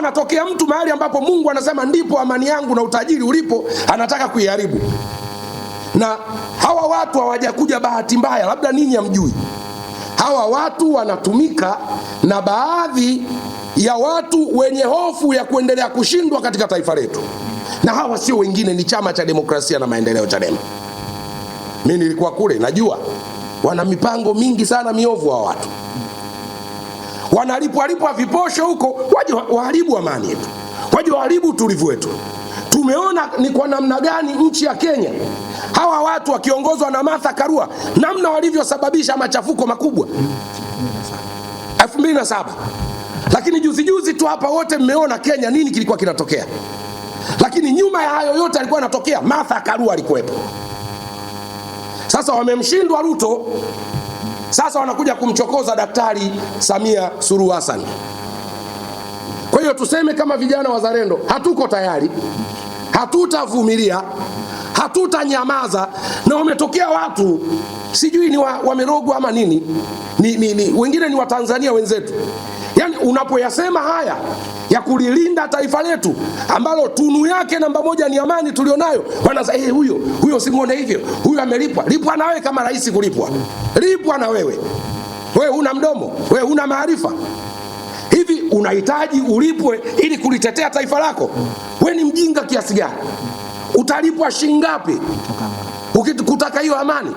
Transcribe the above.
anatokea mtu mahali ambapo Mungu anasema ndipo amani yangu na utajiri ulipo, anataka kuiharibu. Na hawa watu hawajakuja bahati mbaya, labda ninyi hamjui. Hawa watu wanatumika na baadhi ya watu wenye hofu ya kuendelea kushindwa katika taifa letu, na hawa sio wengine, ni Chama cha Demokrasia na Maendeleo, CHADEMA. Mimi nilikuwa kule, najua wana mipango mingi sana miovu hawa watu wanalipwalipwa viposho huko, waje waharibu amani yetu, waje waharibu utulivu wetu. Tumeona ni kwa namna gani nchi ya Kenya hawa watu wakiongozwa na Martha Karua, namna walivyosababisha machafuko makubwa 2007 lakini juzi juzi tu hapa wote mmeona Kenya nini kilikuwa kinatokea, lakini nyuma ya hayo yote alikuwa anatokea Martha Karua alikuwepo. Sasa wamemshindwa Ruto sasa wanakuja kumchokoza Daktari Samia Suluhu Hassan. Kwa hiyo tuseme kama vijana wazalendo, hatuko tayari, hatutavumilia, hatutanyamaza. Na wametokea watu sijui ni wa, wamerogwa ama nini ni, ni, ni, wengine ni Watanzania wenzetu unapoyasema haya ya kulilinda taifa letu ambalo tunu yake namba moja ni amani tulionayo, wanaza eh, huyo huyo simuone hivyo, huyo amelipwa. Lipwa na wewe kama rais kulipwa, lipwa na wewe. Wewe huna mdomo, wewe huna maarifa hivi, unahitaji ulipwe ili kulitetea taifa lako? Wewe ni mjinga kiasi gani? Utalipwa shingapi ukitaka hiyo amani?